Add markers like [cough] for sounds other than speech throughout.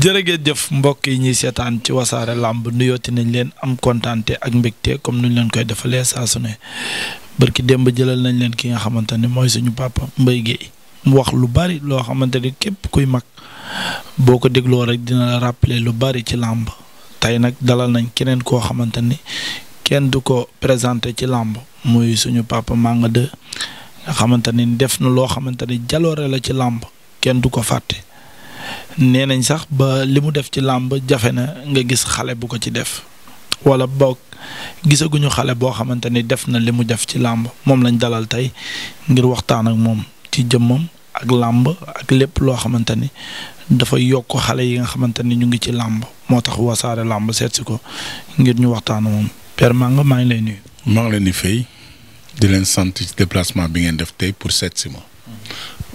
jëf mbokk yi ñuy seetaan ci wasaare làmb nuyooti nañ leen am kontaan ak mbégte comme nuñ leen koy defalee saa su ne barki démb jëlal nañ leen ki nga xamante ne mooy suñu papa mbay Guèye mu wax lu bari loo xamante ni képp kuy mag boo ko dégloo rek dina la rappeler lu bari ci làmb tey nag dalal nañ keneen koo xamante ni kenn du ko présenté ci làmb muy suñu papa Manga 2 nga xamante ni def na loo xamante ni jaloore la ci làmb kenn du ko fàtte. nee nañ sax ba li mu def ci làmb jafe na nga gis xale bu ko ci def wala boog gisaguñu xale boo xamante ni def na li mu def ci làmb moom lañ dalal tey ngir waxtaan ak moom ci jëmmam ak làmb ak lépp loo xamante ni dafa yokk xale yi nga xamante ni ñu ngi ci làmb moo tax wasaare làmb seet si ko ngir ñu waxtaan moom. Père nga maa ngi lay nuyu. maa ngi leen di fay di leen sant déplacement bi ngeen def tey pour seet si ma.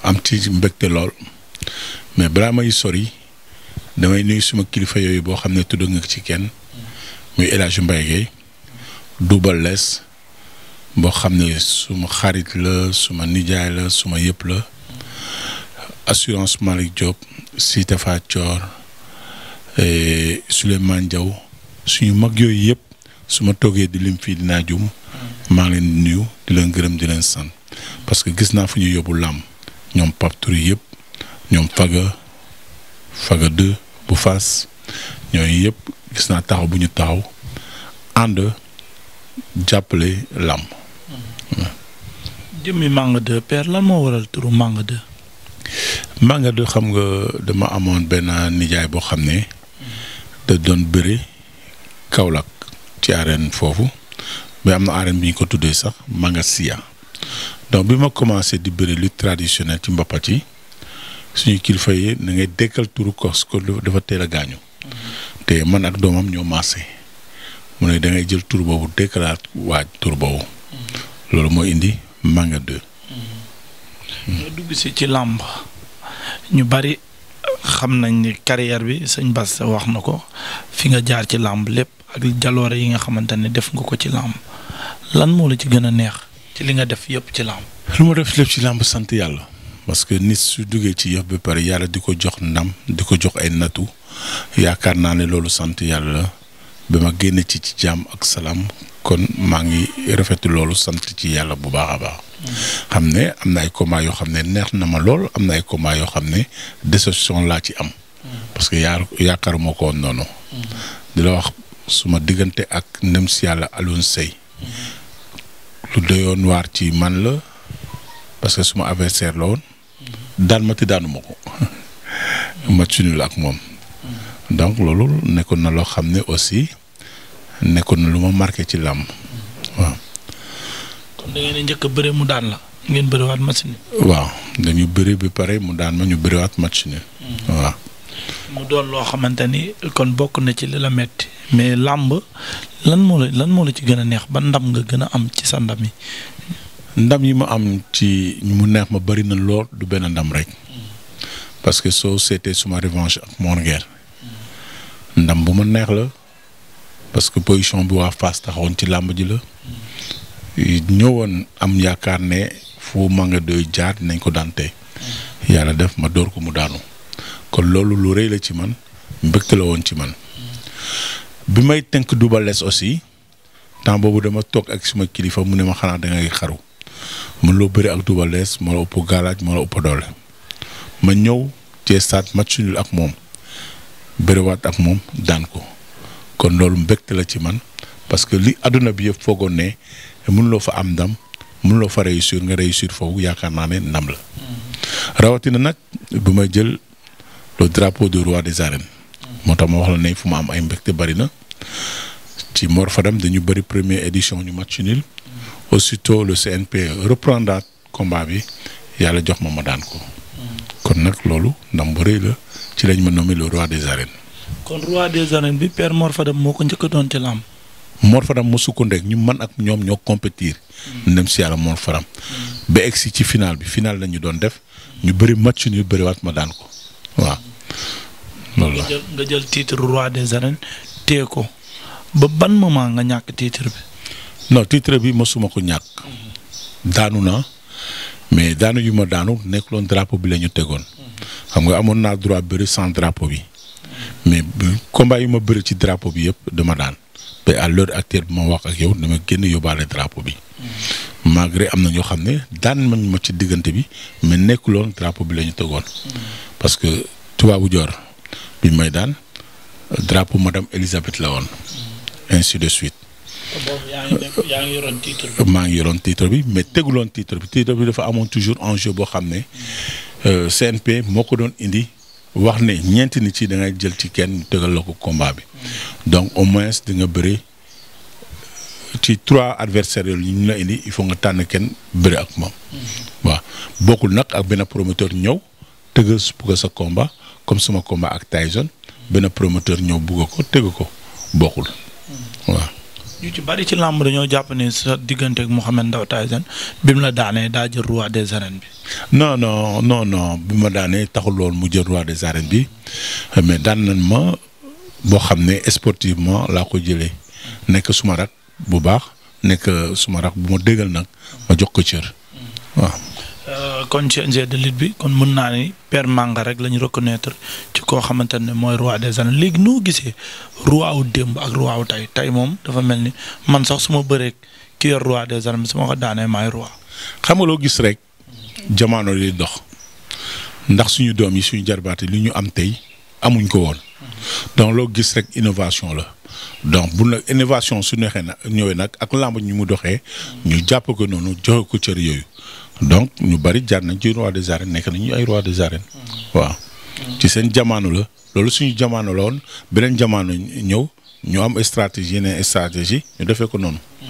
am ci mbégte lool. mais balaa may sori damay nuyu suma kilifa yooyu boo xam ne tudd nga ci kenn muy El Hadj Mbaye Guèye Double boo xam ne suma xarit la suma nijaay la suma yëpp la assurance Malick Diop Cité Fathior eh, Souleymane Diaw suñu mag yooyu yëpp su ma toogee di lim fii dinaa jum maa ngi leen di nuyu di leen gërëm di leen sant parce que gis naa fu ñu yóbbu làmb ñoom Pape Touré yëpp. ñoom faga faga 2 bu faas ñooyu yëpp gis naa taxaw bu ñu taxaw ànd jàppale làmb jëmmi Manga 2 père waral turu Manga 2 Manga xam nga dama amoon benn nijaay boo xam ne da doon bëri Kaolack ci arène foofu mais am na arène bi ñu ko tuddee sax Manga Sia donc bi ma commencé di bëri lutte traditionnelle ci mbappat yi suñu kilifa yi na ngay déggal turu kos ko dafa teel a gaañu. te man ak doomam ñoo maase. mu ne da jël tur boobu déclarer waaj tur boobu. loolu moo indi Manga 2. nga dugg ci làmb ñu bari xam nañ ni carrière bi sëñ Bass wax na ko fi nga jaar ci làmb lépp ak jaloore yi nga xamante ne def nga ko ci làmb lan moo la ci gën a neex ci li nga def yëpp ci làmb. lu ma def lépp ci làmb sant yàlla. parce que nit su duggee ci yëf ba pare yàlla di ko jox ndam di ko jox ay nattu yaakaar naa ne loolu sant yàlla la ba ma génn ci ci jàmm ak salaam kon maa ngi rafet loolu sant ci yàlla bu baax a baax. xam ne am na ay combat yoo xam ne neex na ma lool am na ay combat yoo xam ne déception laa ci am. parce que yaar yaakaar moo ko woon noonu. di la wax suma diggante ak ndam si yàlla Alioune Seye lu doyoon waar ci man la parce que suma adversaire la woon. daan ma te daanu ma ko [laughs] match nul ak moom. donc loolu nekkoon na loo xam ne aussi nekkoon na lu ma marqué ci làmb waaw. kon da njëkk a mu daan la ngeen bëriwaat match nul. waaw dañu bëri bi pare mu daan ñu bëriwaat match nul. Mm. waaw. doon loo xamante ni kon bokk na ci li la metti mais làmb lan moo la lan moo la ci gën a neex ba ndam nga gën a am ci sa ndam ndam yi ma am ci ñu mu neex ma bëri na lool du benn ndam rek parce que soo seetee suma revanche ak Mor ndam bu ma neex la parce que position bi waa Fass taxawoon ci làmb ji la ñëwoon am yaakaar ne fu ma nga doy jaar nañ ko dante yàlla def ma door ko mu daanu kon loolu lu rëy la ci man mbëgte la woon ci man bi may tënk Double Less aussi temps boobu dama toog ak suma kilifa mu ne ma xanaa da ngay xaru mën loo bëri ak Double Less moo la ëpp galaaj moo la ëpp doole ma ñëw ci stade match nul ak moom bëriwaat ak moom daan ko kon loolu mbégte la ci man parce que li àdduna bi yëpp foogoon ne mënuloo fa am ndam mënuloo fa réussir nga réussir foofu yaakaar naa ne ndam la mm-hmm. rawatina nag bu may jël le drapeau du roi des arènes moo tax ma wax la ne fu ma am ay mbégte bari na ci Mor Fadam dañu bëri première édition ñu match nul aussitôt le CNP reprendra combat bi yàlla jox ma ma daan ko. kon nag loolu ndam bu rëy la ci lañ ma nommé le roi des arènes. kon roi des arènes bi per Mor Fadam moo ko njëkk doon ci làmb. Mor Fadam mu sukkandeek ñu man ak ñoom ñoo compétir. Mm. ndem si yàlla Mor Fadam. Mm. ba egg si ci final bi final la ñu doon def. ñu bëri match ñu bëriwaat ma daan ko waaw. loolu la nga jël nga jël roi des arènes téye ko ba ban moment nga ñàkk titre bi. non titre bi mosuma ko ñàkk. daanu na mais daanu yu ma daanu nekkuloon drapeau bi la ñu tegoon. xam nga amoon naa droit bëri sans drapeau bi. mais combat yu ma bëri ci drapeau bi yëpp dama daan te à l'heure actuelle bi ma wax ak yow dama génn yóbbaale drapeau bi. malgré am na ñoo xam ne daan man ma ci diggante bi mais nekkuloon drapeau bi la ñu tegoon. parce que tubaabu joor bi may daan drapeau madame Elisabeth la woon. ainsi de suite. yaa ngi yoroon maa ngi yoroon titre bi mais teguloon titre bi titre bi dafa amoon toujours enjeu boo xam ne euh, CNP moo ko doon indi wax ne ñeenti nit ci da ngay jël ci kenn tegal la ko combat bi. donc au moins dinga nga bëri ci trois adversaires yooyu ñu la indi il faut nga tànn kenn bëri ak moom. waaw bokkul nag ak benn promoteur ñëw tëgg bugg sa combat comme sama combat ak Tyson benn promoteur ñëw bugg ko tëgg ko bokkul mm. ñu ci bari ci làmb dañoo jàpp ne sa diggante ak Mouhamed Ndao Tyson bi mu la daanee daa jël roi des arènes bi. non non no non bi ma daanee taxul loolu mu jël roi des arènes bi mais daan nañ ma boo xam ne sportivement laa ko jëlee nekk suma rak bu baax nekk suma rak bu ma déggal nag ma jox ko cër waaw. kon CNG de lutte bi kon mën naa ni Père Manga rek la ñu reconnaître ci koo xamante ne mooy roi des arènes léegi noo gisee roi wu démb ak roi wu tey tey moom dafa mel ni man sax suma ma bëree ki yor roi des arènes su ma ko daanee maay roi. xam nga loo gis rek. jamono li dox. ndax suñu doom yi suñu jarbaate li ñu am tey amuñ ko woon. donc loo gis rek innovation la. donc bu nag innovation su neexee na ñëwee nag ak làmb ñu mu doxee. ñu jàpp ko noonu joxe ko cër yooyu. donc ñu bari jaar nañ ci roi de arènes nekk nañu ay roi des arènes. waaw ci seen jamono la loolu suñu jamono la woon beneen jamono ñëw ñu am stratégie ne stratégie ñu defee ko noonu. Hmm.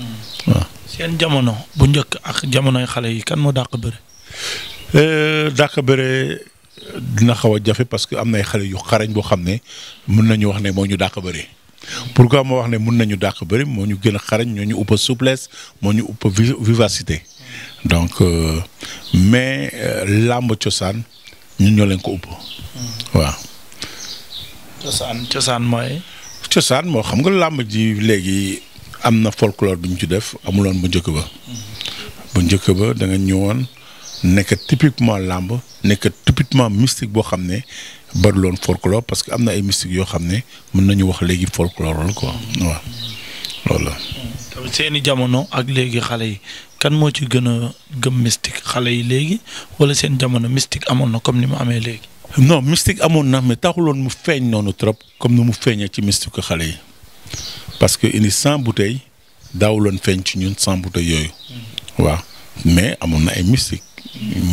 waaw seen jamono bu njëkk ak jamonoy xale yi kan moo dàq bëre. Euh, dàq bëre dina xaw a jafe parce que am na ay xale yu xarañ boo xam ne mën nañu wax ne moo ñu dàq bëri pour pourquoi moo wax ne mën nañu dàq bëri moo ñu gën a xarañ ñoo ñu ëpp souplesse moo ñu ëpp vivacité. donc euh, mais euh, làmb cosaan ñu ñoo leen ko ëpp. Mm-hmm. waaw. cosaan cosaan mooy. cosaan moo xam nga làmb ji léegi am na folklore bi ñu ci def amuloon bu njëkk ba. Mm-hmm. bu njëkk ba da nga ñëwoon nekk typiquement làmb nekk typiquement mystique boo xam ne loon folklore parce que am na ay mystique yoo xam ne mën nañu wax léegi folklore la ko mm-hmm. waaw loolu seeni jamono ak léegi xale yi kan moo ci gën a gëm mystique xale yi léegi wala seen jamono mystique amoon na comme ni mu amee léegi. non mystique amoon na mais taxuloon mu feeñ noonu trop comme nu mu feeñee ci mystique xale yi parce que indi cent bouteilles daawuloon feeñ ci ñun cent bouteilles yooyu. Mm-hmm. waaw mais amoon na ay mystique.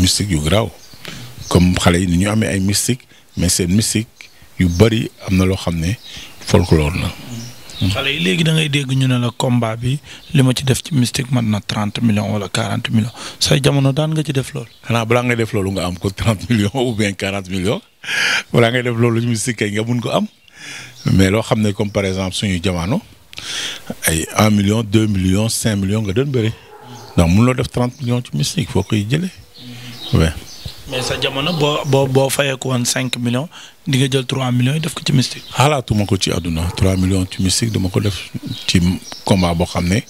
mystique yu garaaw comme xale yi ni ñu amee ay mystique mais seen mystique yu bari am na loo xam ne folklore la. xale yi léegi da ngay dégg ñu ne la combat bi li ma ci def ci mystique man na trente million wala quarante millions say jamono daan nga ci def loolu. xanaa balaa ngay def loolu nga am ko trente millions ou bien quarante millions balaa ngay def loolu mystique kay nga mun ko am mais loo ne comme par exemple suñu jamono ay un million deux millions cinq millions nga doon bëri donc mun loo def trente millions ci mystique foo koy jëlee. mais sa jamono boo boo boo fayeeku woon cinq millions di nga jël trois million yi def ko ci mystique. xalaatuma ko ci àdduna trois millions ci mystique dama ko def ci combat boo xam ne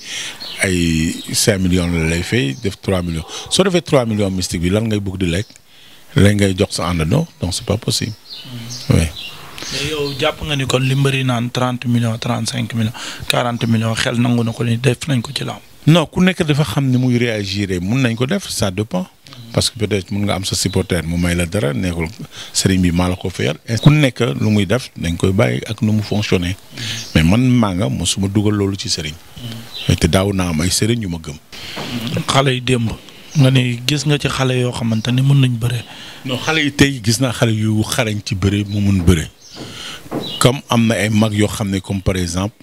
ay cinq millions la lay fay def trois millions soo defee trois million mystique bi lan ngay bëgg di lekk lan ngay jox sa àndandoo donc c'est pas possible. Mm. jàpp nga ni kon li mbëri naan trente millions trente cinq millions quarante millions xel nangu na ko ni def nañ ko ci lamb. non ku nekk dafa xam ni muy réagir mun nañ ko def ça dépend. parce que peut-être mun nga am sa supporter mu may la dara nekkul sëriñ bi maa la ko fayal. ku nekk lu muy def dañ koy bàyyi ak nu mu fonctionner. mais man maa nga mosuma dugal loolu ci sëriñ. te daaw naa am ay sëriñ yu ma gëm. xale yi démb. nga ne gis nga ci xale yoo xamante ne mën nañ bëre. non xale yi tey gis naa xale yu xarañ ci bëre mu mun bëre. comme am na ay mag yoo xam ne comme par exemple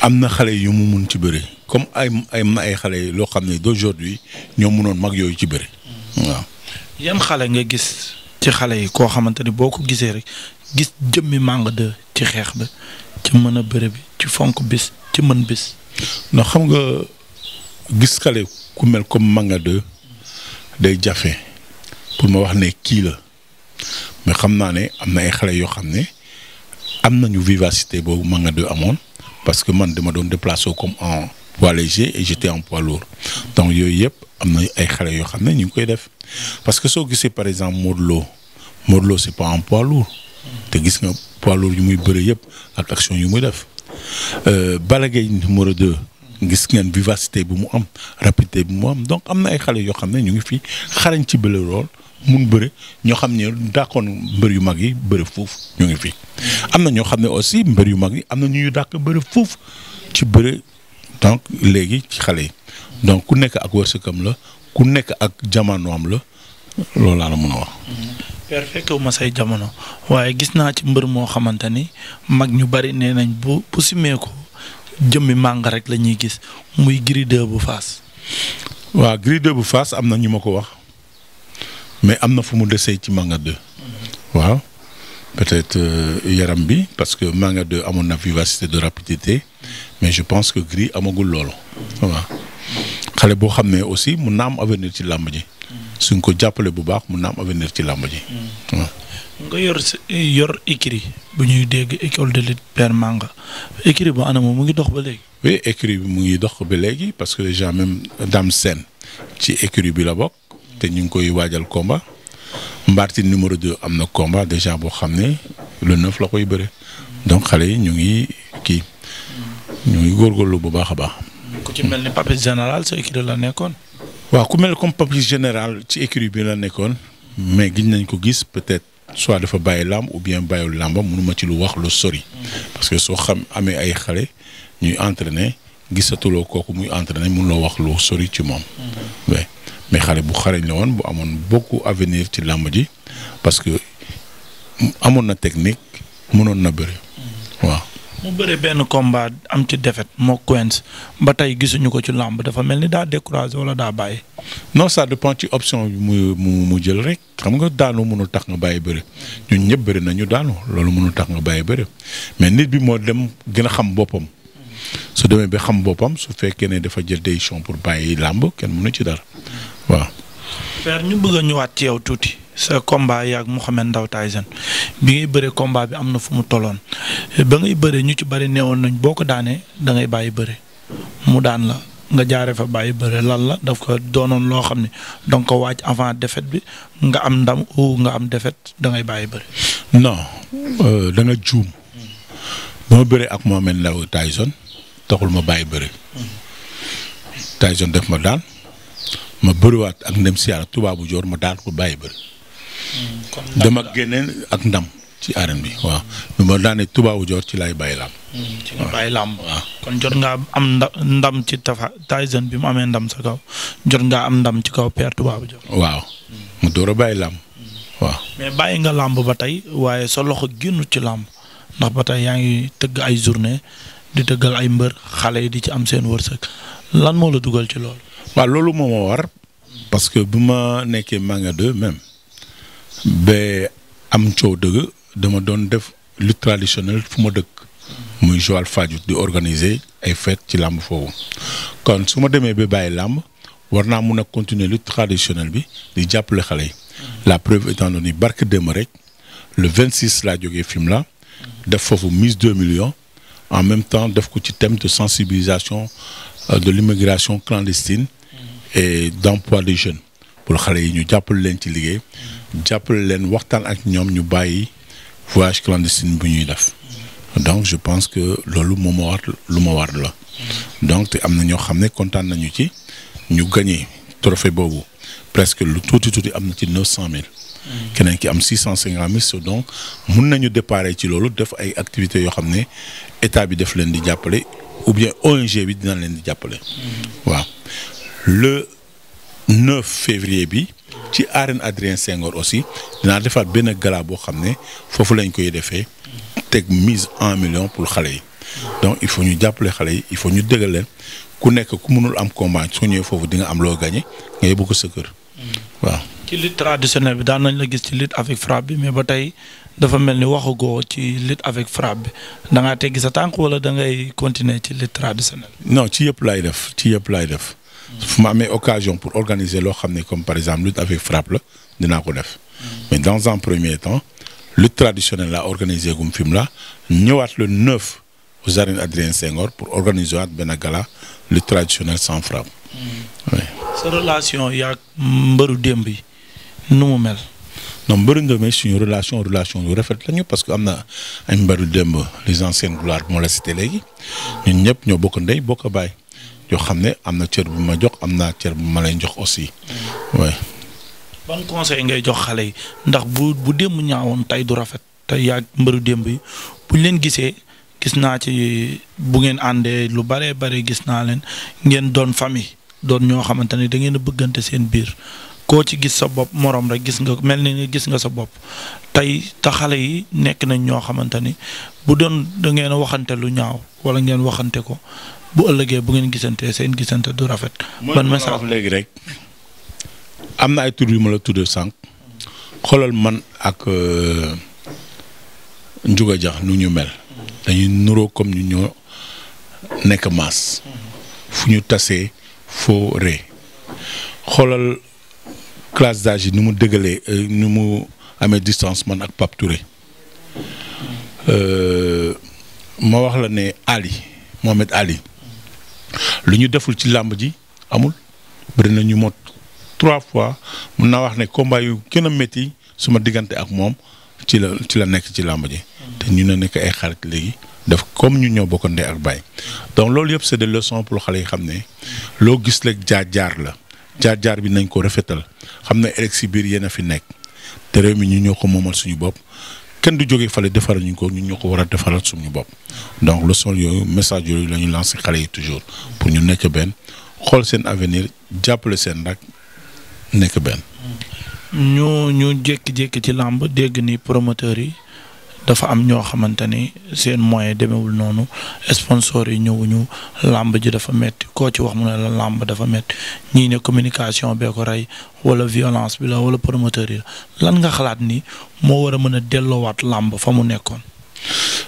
am na xale yu mu mun ci bëre. comme ay ay ma ay xale yi loo xam ne d'aujourd'hui ñoo mënoon mag yooyu ci bëri. waaw. xale nga gis ci xale yi koo xamante ni boo ko gisee rek gis jëmmi Manga 2 ci xeex bi ci mën a bëre bi ci fonk bis ci mën bis. non xam nga gis xale ku mel comme Manga 2 day jafe pour ma wax ne kii la mais xam naa ne am na ay xale yoo xam ne am nañu vivacité boobu Manga 2 amoon parce que man dima doon déplacé comme en. poids léger et j'étais en poids lourd donc yooyu yëpp am na ay xale yoo xam ne ñu ngi koy def parce que soo gisee par exemple Modou Lo Modou Lo c'est pas en poids lourd te gis nga poids lourd yu muy bëre yëpp ak action yu muy def euh, Balla Gaye numéro 2 gis ngeen vivacité bi mu am rapidité bi mu am donc am na ay xale yoo xam ne ñu ngi fi xarañ ci bële lool mun bëre ñoo xam ne dàqoon mbër yu mag yi bëre foofu ñu ngi fi. am na ñoo xam ne aussi mbër yu mag yi am na ñu dàq bëre foofu ci bëre donc léegi ci xale yi donc ku nekk ak wërsëgam la ku nekk ak jamonoom la loolu laa la mën a wax. père ma say jamono waaye gis naa ci mbër moo xamante ni mag ñu bari nee nañ bu bu simee ko jëmmi màng rek la ñuy gis muy Gris bu Fass. waa Gris bu Fass am na ñu ma ko wax mais am na fu mu desee ci Manga 2. waaw peut-être euh, yaram bi parce que Manga 2 amoon na vivacité de rapidité. mais je pense que Gris amagul loolu. waaw xale boo xam ne aussi mun naa am avenir ci làmb ji. suñ ko jàppale bu baax mun naa am avenir ci làmb ji. Mm. waaw. nga yor yor écurie bu ñuy dégg école de lutte Père Manga écurie bu anam mu ngi dox ba léegi. oui écurie bi mu ngi dox ba léegi parce que déjà même Dame seen ci écurie bi la bokk. te ñu ngi koy waajal komba Mbartin numéro 2 am na combat déjà boo xam ne le neuf la koy bëre. donc xale yi ñu ngi kii. ñu ngi góorgóorlu bu baax a baax. ku ci mel ni Papis général sa écurie la nekkoon. waaw ku mel comme Papis général ci écurie bi la nekkoon. mais giñ nañ ko gis peut-être soit dafa bàyyi làmb ou bien bàyyiwul làmba mënuma ci lu wax lu sori. parce que soo xam amee ay xale ñuy entraîner gisatuloo kooku muy entraîner mënuloo wax lu sori ci moom. Mm-hmm. mais xale bu xarañ la woon bu amoon bokk avenir ci làmb ji parce que amoon na technique mënoon na bëri. mu bëre benn combat am ci defet moo Quench ba tey gisuñu ko ci làmb dafa mel ni daa découragé wala daa bàyyi. non ça dépend ci option bi mu mu mu jël rek xam nga daanu mënul tax nga bàyyi bëri ñun ñëpp bëri nañu daanu loolu mënul tax nga bàyyi bëri mais nit bi moo dem gën a xam boppam. su demee bi xam boppam su fekkee ne dafa jël décision pour bàyyi làmb kenn mënu ci dara waaw. père ñu bëgg a ñëwaat ci yaw tuuti. sa combat yaag Mouhamed Ndao Tyson bi ngay bëre combat bi am na fu mu tolloon ba ngay bëre ñu ci bëri neewoon nañ boo ko daanee dangay bàyyi bëre mu daan la nga jaare fa bàyyi bëre lan la daf ko doonoon loo xam ne donc ko wàcc défaite bi nga am ndam nga am défaite da ngay bàyyi bëre. non euh, juum. ba ma bëree ak Mouhamed Ndao Tyson taxul ma bàyyi bëre. Tyson def ma daal ma bëriwaat ak ndem si yàlla tubaabu joor ma daan ko bàyyi bëri. dem mm. ak génne ak ndam ci arène bi waaw lu ma tubaabu joor ci lay bàyyi làmb mm, làmb waaw kon jot ngaa am ndam ci tafa Tyson bi mu amee ndam sa kaw jot ngaa am ndam ci kaw père tubaabu joor waaw mu door a bàyyi làmb mm. waaw mais bàyyi nga làmb ba tey waaye sa loxo génnut ci làmb ndax ba tey yaa ngi tëgg ay journée di tëggal ay mbër xale yi di ci am seen wërsëg lan moo la dugal ci loolu waaw loolu moo ma war parce que bu ma nekkee Manga 2 même ba am coow dëgg dama doon def lutte traditionnelle fu ma dëkk. muy Joal Fadiouth di organiser ay fête ci làmb foofu kon su ma demee ba bàyyi làmb war naa mun a continuer lutte traditionnelle bi di jàppale xale yi. la preuve étant donné barke démb rek le 26 laa jógee film la def foofu mise 2 millions en même temps def ko ci thème de sensibilisation euh, de l'immigration clandestine et d'emploi de jeunes pour xale yi ñu jàppale leen ci liggéey. jàppale leen waxtaan ak ñoom ñu bàyyi voyage clandestine bu ñuy def donc je pense que loolu moom ma war lu ma war la donc te am na ñoo xam ne kontaan nañu ci ñu gagné trophée boobu presque lu tuuti tuuti am na ci neuf cent mille keneen ki am six cent cinquante mille so donc mun nañu déparé ci loolu def ay activités yoo xam ne état bi def leen di jàppale ou bien ONG bi dina leen di jàppale mm-hmm. waaw le 9 février bi ci arène Adrien Senghor aussi dinaa defaat benn gala boo xam ne foofu lañ koy defee teg mise un million pour xale yi donc il faut ñu jàppale xale yi il faut ñu dëggal leen ku nekk ku mënul am combat soo ñëwee foofu di nga am loo gagné nga yóbbu sa kër waaw. ci lutte traditionnelle bi daan nañ la gis ci lutte avec frappe bi mais ba tey dafa mel ni waxagoo ci lutte avec frappe bi da teggi sa tànk wala da ngay continuer ci lutte traditionnelle. non ci yëpp laay def ci yëpp laay def. su ma amee occasion pour organiser loo xam ne comme par exemple lutte avec frappe la dinaa ko def. mais dans un premier temps lutte traditionnelle la organiser gum film la ñëwaat le 9 aux arènes Adrien Senghor pour organiser waat benn gala lutte traditionnelle sans frappe. Mm. oui. sa relation yaag mbëru démb yi nu mu mel. non mbëri nga suñu relation relation yu rafet lañu parce que am na ay mbaru démb les anciennes gloires moo la cité léegi ñun ñëpp ñoo bokk ndey bokk baay yoo xam ne am na cër bu ma jox am naa cër bu ma lay jox aussi. oui. ban conseil ngay jox xale yi ndax bu bu démb ñaawoon tey du rafet tey yaa mbaru démb yi buñ leen gisee gis naa ci bu ngeen àndee lu bare bare gis naa leen ngeen doon famille doon ñoo xamante ne da ngeen bëggante seen biir koo ci gis sa bopp moroom rek gis nga mel ni gis nga sa bopp tey te xale yi nekk nañ ñoo xamante ni bu doon da ngeen a waxante lu ñaaw wala ngeen waxante ko bu ëllëgee bu ngeen gisantee seen gisante du rafet. ban message wax léegi rek am na ay tur yu ma la tudd sànq xoolal man ak euh, Ndiouga Dia nu ñu mel dañuy nuroo comme ñu ñoo nekk maas fu ñu tasee foo ree xoolal classe d'âge yi nu mu dëggalee euh, nu mu amee distance man ak Pape Touré euh, ma wax la ne Ali Mohamed Ali. lu ñu deful ci làmb ji amul bëri na ñu mot trois fois mun naa wax ne combat yu gën a métti suma diggante ak moom ci la ci la nekk ci làmb ji. te ñu ne nekk ay xarit léegi def comme ñu ñoo bokk ndey ak baay donc loolu yëpp c'est des leçons xale yi xam ne loo gis rek jaar-jaar la jaar-jaar bi nañ ko rafetal xam na ne si biir yéen a fi nekk te réew mi ñu ñoo ko moomal suñu bopp. kenn du jógee fale defaral ñu ko ñun ñoo ko war a defaral suñu bopp donc le leçon yooyu message yooyu la ñu lancé xale yi toujours pour ñu nekk benn xool seen avenir jàppale seen rak nekk benn. ñu ñu jékki-jékki ci làmb dégg ni promoteurs yi. dafa am ñoo xamante ni seen moyen demewul noonu sponsor yi ñëwuñu làmb ji dafa metti koo ci wax mu ne la làmb dafa metti ñii ne communication bee ko rey wala violence bi la wala promoteur yi la lan nga xalaat ni moo war a mën a delloowaat làmb fa mu nekkoon.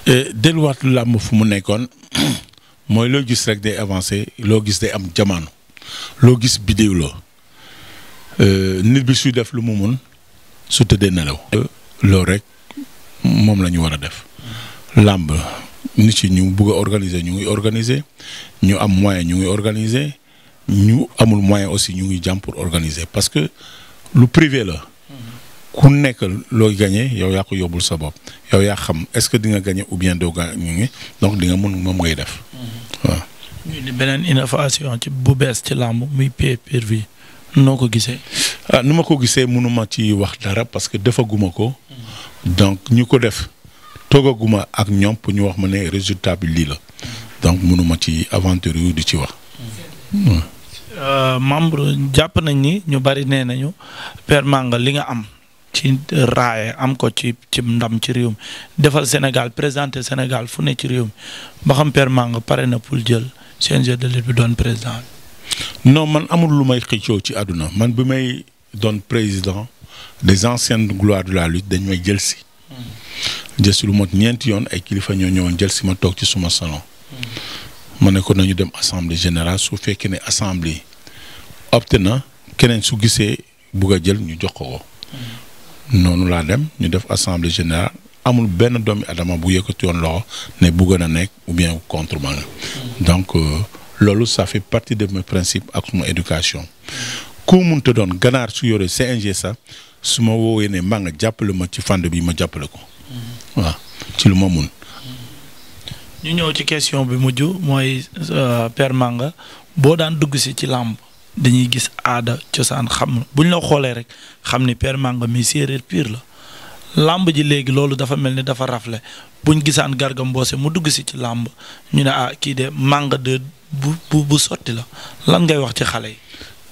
Eh, delluwaat làmb fu mu nekkoon [clears throat] mooy loo gis rek day avancé loo gis day am jamono loo gis bidéew loo eh, nit bi suy def lu mu mun su tëddee nelaw. Eh, loolu rek. moom la ñu war a def. làmb nit ci ñu bugg a organiser ñu ngi organiser ñu am moyen ñu ngi organiser ñu amul moyen aussi ñu ngi jàmm pour organiser parce que lu privé la. ku nekk looy gagné yow yaa ko yóbbul sa bopp yow yaa xam est-ce que dinga nga gagné ou bien doo gagné donc di nga mën moom ngay def. waa ñu ni beneen innovation ci bu bees ci làmb muy pay-per-view noo ko gisee. ah nu ma ko gisee mënuma ci wax dara parce que defaguma ko. donc ñu ko def toogaguma ak ñoom ñu wax ma ne résultat bi lii la donc mënuma ci aventure yu di ci wax. Euh, membre jàpp nañ ni ñu bari nee nañu Père Manga li nga am. ci raaye am ko ci ci ndam ci réew mi defal Sénégal présenté Sénégal fu ne ci réew mi ba xam Père pare na pour jël CNG de lutte bi doon président. non man amul lu may xëccoo ci àdduna man bi may doon président des anciennes gloires de la lutte dañ may jël si. jël si lu mot ñeenti yoon ay kilifa ñoo ñëwoon jël si ma toog ci suma salon. ma ne ko nañu dem assemblée générale su fekkee ne assemblée opté na keneen su gisee bugg jël ñu jox ko noonu laa dem ñu def assemblée générale amul benn doomi adama bu yëkkati yoon loxo ne bugg na nekk ou bien contre ma donc euh, loolu ça fait partie de mes principe ak suma éducation. ku mun te doon ganaar su yore CNG sax. su ma woowee ne mbaa nga jàppale ma ci fànn bi ma jàppale ko. waaw ci lu ma mun. ñu ñëw ci question bi mujj mooy euh, Père Manga boo daan dugg si ci làmb dañuy gis aada cosaan xam buñ la xoolee rek xam ni Père Manga mi séeréer piir la làmb ji léegi loolu dafa mel ni dafa rafle buñ gisaan Garga mboose mu dugg si ci làmb ñu ne ah kii de Manga de bu bu bu sotti la lan ngay wax ci xale yi.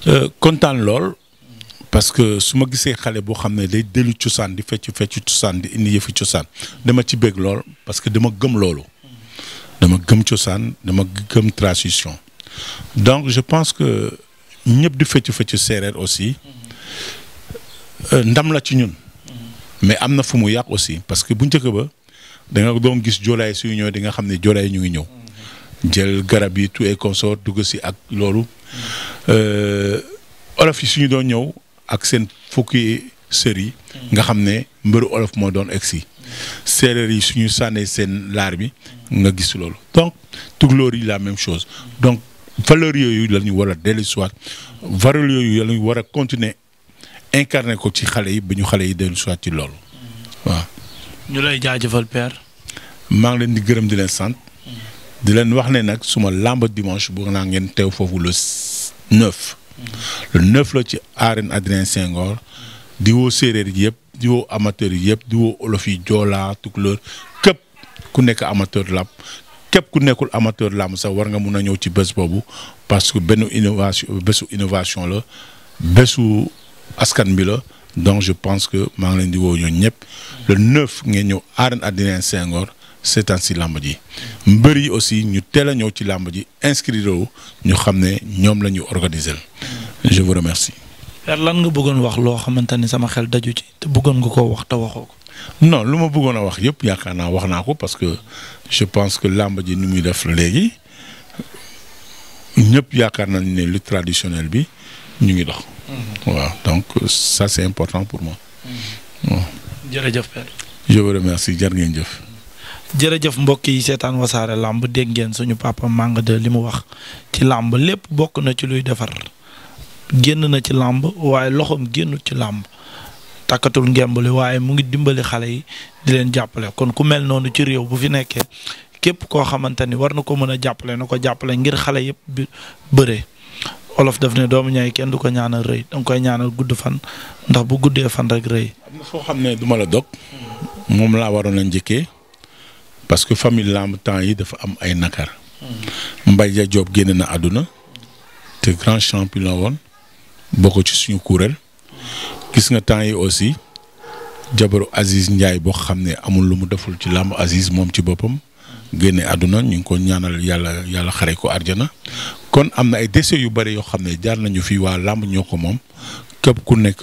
Euh, kontaan lool. parce que su ma gisee xale boo xam ne day dellu cosaan di fecc fecc cosaan di indi yëfi cosaan dama ci bëgg lool parce que dama gëm loolu dama gëm cosaan dama gëm tradition donc je pense que ñëpp di fecc fecc séeréer aussi euh, ndam la ci ñun mais am na fu mu yàq aussi parce que bu njëkk ba da nga doon gis joolaay suñu ñëw di nga xam ne joolaay ñu ngi ñëw jël garab yi tout et consort dugg si ak loolu euh, olof yi suñu doon ñëw ak seen fukki sër yi nga xam ne mbëru olof moo doon egg si séeréer yi suñu sànnee seen laar bi nga gis loolu donc tukulóor yi la même chose donc valeur yooyu lañu ñu war a dellu siwaat valeur yooyu la ñu war a continuer incarné ko ci xale yi ba ñu xale yi dellu siwaat ci loolu waaw. ñu lay jaajëfal père. maa ngi leen di gërëm di leen sant. di leen wax ne nag suma làmb dimanche bu naa ngeen teew foofu le neuf. le 9 la ci arène Adrien Senghor di woo séeréer yi yëpp di woo amateur yi yëpp di olofi olof yi joolaa tukulóor ku nekk amateur làmb képp ku nekkul amateur làmb sax war nga mun a ñëw ci bés boobu parce que benn innovation bésu la bésu askan bi la donc je pense que maa ngi leen di woo ñoom ñëpp le 9 ngeen ñëw arène Adrien Senghor seetaan si làmb ji mbër yi aussi ñu teel a ñëw ci làmb ji inscrire wu ñu xam ne ñoom la ñu la je vous remercie. lan nga bëggoon wax loo xamante ni sama xel daju ci te bëggoon nga koo wax te waxoo ko. non lu ma bëggoon a wax yëpp yaakaar naa wax naa ko parce que je pense que làmb ji ni muy def léegi yaakaar nañ ne lu bi ñu ngi dox. Mm-hmm. important pour moi. Mm-hmm. remercie jërë ngeen jëf. jërëjëf mbokk yi seetaan wasaare làmb dégg ngeen suñu papa Manga 2 li mu wax ci làmb lépp bokk na ci luy defar génn na ci làmb waaye loxoom génnut ci làmb takkatul ngemb li waaye mu ngi dimbali xale yi di leen jàppale kon ku mel noonu ci réew bu fi nekkee képp koo xamante ni war na ko mën a jàppale na ko jàppale ngir xale yëpp bi bëree olof daf ne doomu ñaay kenn du ko ñaanal rëy danga koy ñaanal gudd fan ndax bu guddee fan rek rëy. am na foo xam ne duma la dog. moom laa waroon parce que famille lamb temps yi dafa am ay nakar Mbaye Dia Diop génn na àdduna te grand champion la woon bokk ci suñu kuréel gis nga temps yi aussi jabaru Aziz Ndiaye boo xam ne amul lu mu deful ci làmb Aziz moom ci boppam génne àdduna ñu ngi ko ñaanal yàlla yàlla xare ko arjana kon am na ay décès yu bëri yoo xam ne jaar nañu fi waa làmb ñoo ko moom képp ku nekk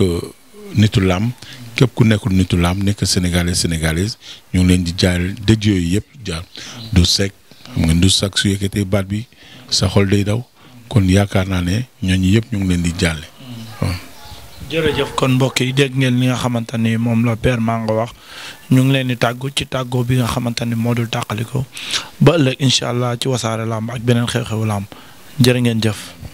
nitu làmb képp ku nekkul nitu laam nekk sénégalais sénégalaise ñu ngi leen di jaay dëj yooyu yëpp jaar mm. du sec xam ngeen du sac su yëkkatee baat bi sa xol day daw kon yaakaar naa ne ñooñu yëpp ñu ngi leen di jàlle mm. jërëjëf kon mbokk yi dégg ngeen li nga xamante ni moom la Père Manga wax ñu ngi leen di tàggu ci tàggoo bi nga xamante ni moo dul tàqaliko ba ëllëg incha allah ci wasaare làmb ak beneen xew-xewu làmb jërë ngeen jëf.